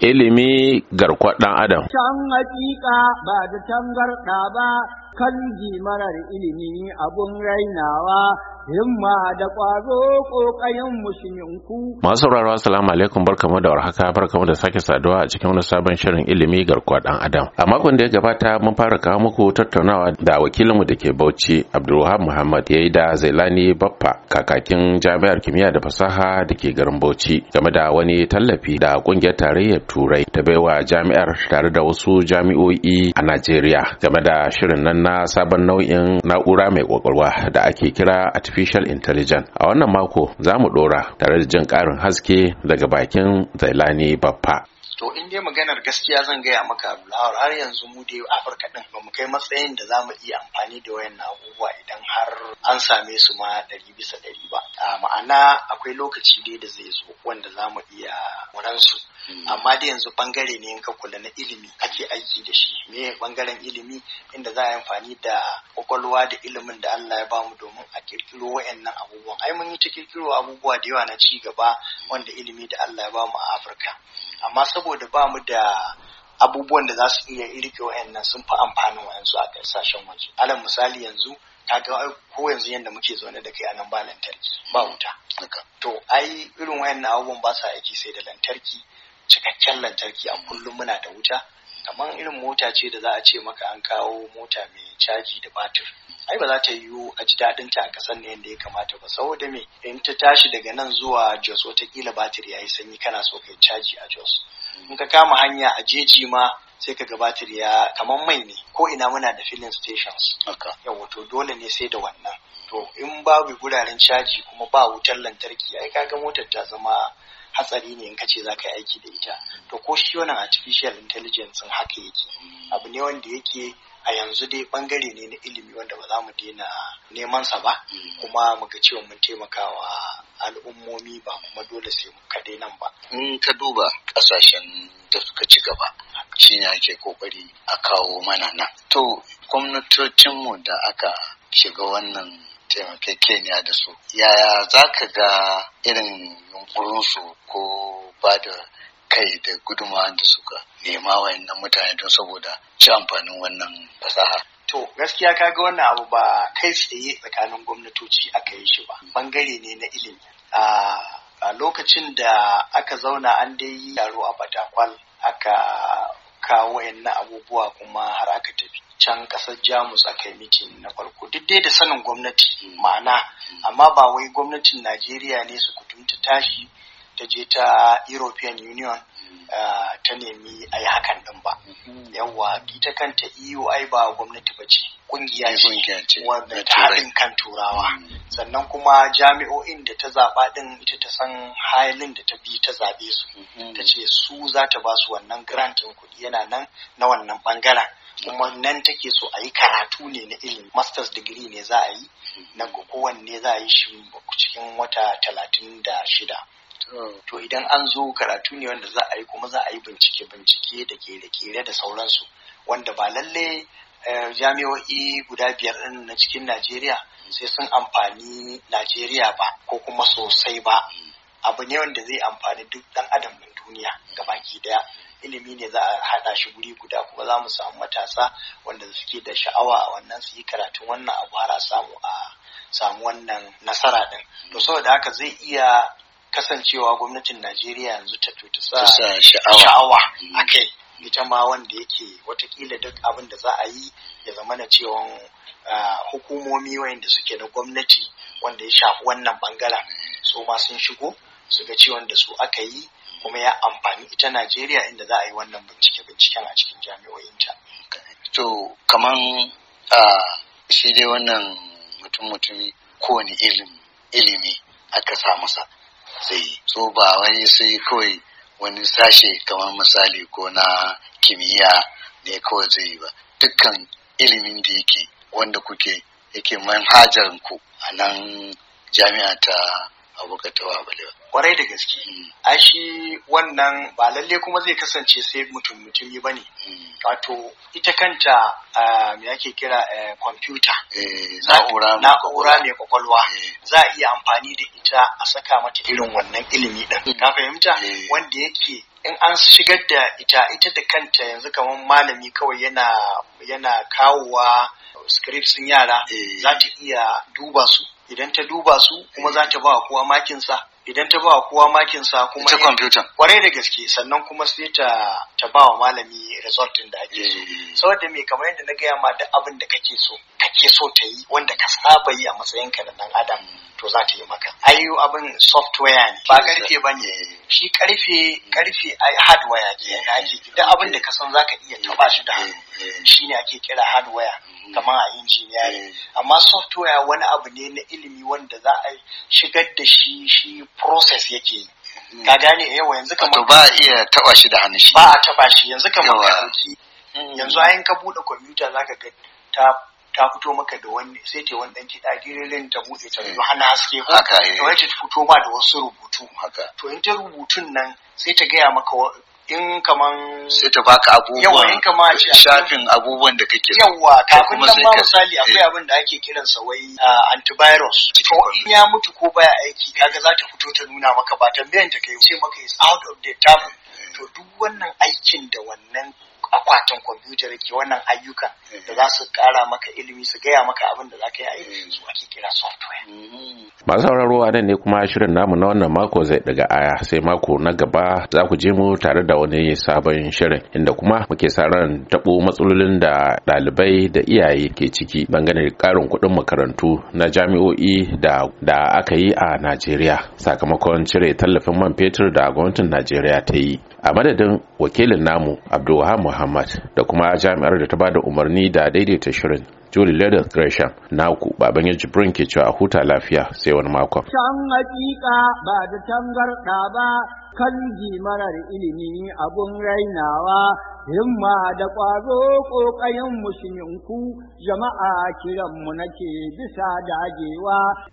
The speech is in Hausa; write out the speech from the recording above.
ilimi garkwa ɗan adam. Can hakika ba da tangarɗa ba kan marar ilimi abun rainawa himma da ƙwazo ƙoƙayen musulminku. Masu sauraro assalamu alaikum barkamu da warhaka barkamu da sake saduwa a cikin wani sabon shirin ilimi garkuwa ɗan adam. A makon da ya gabata mun fara kawo muku tattaunawa da wakilinmu da ke Bauchi Abdulwahab Muhammad ya yi da Zailani Baffa kakakin jami'ar kimiyya da fasaha da ke garin Bauchi game da wani tallafi da ƙungiyar tarayyar Turai ta baiwa jami'ar tare da wasu jami'o'i a Najeriya game da shirin nan na sabon nau'in na'ura mai ƙwaƙwalwa da ake kira a artificial intelligence a wannan mako za mu dora tare da jin karin haske daga bakin zailani baffa to in dai maganar gaskiya zan gaya maka Abdullahi har yanzu mu da Afirka din ba mu kai matsayin da za mu iya amfani da wayan abubuwa idan har an same su ma ɗari bisa ɗari ba A ma'ana akwai lokaci dai da zai zo wanda za mu iya muran hmm. amma dai yanzu bangare ne in ka kula na ilimi ake aiki da shi me bangaren ilimi inda za a yi amfani da kwakwalwa da ilimin da Allah ya bamu domin a kirkiro wayannan abubuwan ai mun yi ta kirkiro abubuwa da yawa na ci gaba wanda ilimi da Allah ya bamu a Afirka amma saboda saboda ba mu da abubuwan da za su iya irke wayannan sun fi amfanin wayansu a ƙasashen waje alal misali yanzu ta ga ko yanzu yadda muke zaune da kai a nan ba lantarki ba wuta to ai irin wayannan abubuwan ba sa aiki sai da lantarki cikakken lantarki a kullum muna da wuta kamar irin mota ce da za a ce maka an kawo mota mai caji da batir ai ba za ta yiwu a ji daɗin ta a ƙasar ne yadda ya kamata ba saboda me in ta tashi daga nan zuwa jos watakila batir ya yi sanyi kana so kai caji a jos in ka kama hanya a jeji ma sai ka gabatar ya kamar mai ne ko ina muna da filin stations yawa to dole ne sai da wannan to in babu guraren caji kuma ba wutar lantarki ai kaga motar ta zama hatsari ne in ka ce za ka yi aiki da ita to ko shi wannan artificial intelligence haka yake abu ne wanda yake a yanzu dai bangare ne na ilimi wanda ba za mu daina neman sa ba mm. kuma muga cewa mun taimakawa al'ummomi ba kuma dole sai mu kaɗai nan ba. In ka duba ƙasashen da suka ci gaba shi ne ake kokari a kawo mana nan. To gwamnatocin mu da aka shiga wannan taimakekeniya da su yaya za ka ga irin yunkurinsu ko ba da kai da gudunmawa da suka nema wayannan mutane don saboda ci amfanin wannan fasaha To gaskiya ga wannan abu ba kai tsaye tsakanin gwamnatoci aka yi shi ba bangare ne na ilimi. A lokacin da aka zauna an dai yi yaro a Batakwal aka kawo wayannan abubuwa kuma har aka tafi can kasar Jamus aka yi mitin na farko duk dai da sanin gwamnati ma'ana mm. amma ba wai gwamnatin Najeriya ne su kutumta tashi ta je ta European Union mm. eh, ta nemi a yi hakan din ba. Mm-hmm. Yawwa ita kanta EU ai ba gwamnati ba ce ƙungiya ce wanda ta haɗin kan turawa. Mm. Sannan kuma jami'o'in da ta zaɓa ɗin ita ta san halin da ta bi ta zaɓe su. Mm-hmm. Ta ce su za ta ba su wannan grant ɗin kuɗi yana nan na wannan ɓangaren. kuma mm. nan take so a yi karatu ne na ilimi masters degree ne za a yi mm-hmm. na kowanne za a yi shi cikin wata talatin da shida to idan an zo karatu ne wanda za a yi kuma za a yi bincike bincike da kere-kere da sauransu wanda ba lalle eh, jami'o'i guda biyar ɗin na cikin najeriya sai sun amfani najeriya ba ko kuma sosai ba abu ne wanda zai amfani duk ɗan adam na duniya gabaki daya ilimi ne za a haɗa shi guri guda kuma za mu samu matasa wanda suke da sha'awa a wannan su yi karatun wannan abu har a samu a samu wannan nasara ɗin to saboda haka zai iya kasancewa gwamnatin najeriya yanzu ta sa sha'awa mm. a kai ita ma wanda yake watakila duk abin da za a yi ya zama na cewa hukumomi wayanda suke na gwamnati wanda ya shafi wannan bangala su ma sun shigo su ga ciwon da su aka yi kuma ya amfani ita najeriya inda za a yi wannan bincike binciken a cikin jami'o'inta to kaman shi dai wannan mutum mutumi kowane ilimi aka sa masa zai so ba wai sai kawai wani sashe kamar misali ko na kimiyya ne kawai zai yi ba dukkan ilimin da yake wanda kuke yake manhajar ku a nan jami'a ta abokan tawa ba. kwarai da gaske hmm. a shi wannan ba lalle kuma zai kasance sai mutum mutumi ba ne hmm. wato ita kanta me ake kira kwamfuta eh, na'ura mai kwakwalwa eh. za a iya amfani da ita a saka mata irin wannan ilimi ɗin hmm. ka fahimta eh. wanda yake in an shigar da ita ita da kanta yanzu kamar malami kawai yana yana kawowa scripts yara za ta iya duba su idan ta duba su kuma za ta ba kowa makinsa idan ta ba kowa makinsa kuma Ita kwamfuta kwarai da gaske sannan kuma sai ta ta ba wa malami resort din da ake so eh. saboda me kamar yadda na gaya ma da abin da kake so kake so ta yi wanda ka saba yi a matsayinka da ɗan adam to za ta yi maka ayu abin software ne ba karfe ba ne eh. shi karfe karfe hmm. ai hardware ne na eh, ake eh, duk abin da ka san zaka iya taba shi da hannu ne ake kira hardware hmm. kamar a injiniya amma software wani abu ne na ilimi wanda za a shigar da shi shi process yake yi hmm. ka gane yawa yanzu kamar ba a iya taba shi da hannu shi ba a taba shi yanzu kamar ka yanzu ayin ka bude computer zaka ga ta ta fito maka da wani sai ta wani ɗanki ɗagirin ta buɗe ta zuwa eh. hana haske ko haka ta eh. wani ta fito ma da wasu rubutu haka to in ta rubutun nan sai ta gaya maka in kaman sai ta baka abubuwan in shafin abubuwan da kake yawa kafin nan ma misali eh. akwai abin da ake kiran sa wai ah, antivirus to in ya mutu ko baya aiki kaga za ta fito ta nuna maka ba tambayan ta kai sai maka is out of date to duk wannan aikin da wannan akwatin kwamfutar ke wannan ayyukan da za su kara maka ilimi su gaya maka abin da za ka yi aiki mm. su ake kira software. Mm. Masu sauraro a nan ne kuma shirin namu na wannan mako zai daga aya sai mako na gaba za ku je mu tare da wani sabon shirin inda kuma muke sa ran tabo matsalolin da ɗalibai da iyaye ke ciki dangane da ƙarin kuɗin makarantu na jami'o'i da aka yi a Najeriya sakamakon cire tallafin man fetur da gwamnatin Najeriya ta yi. a madadin wakilin namu abdulwahab muhammad da kuma jami'ar da ta ba da umarni da daidaita shirin julie leather gresham naku baban ya jibrin ke cewa a huta lafiya sai wani makon can hakika ba da tangarɗa ba kan marar ilimi abun rainawa himma da ƙwazo ƙoƙayen musulminku jama'a kiranmu nake bisa dagewa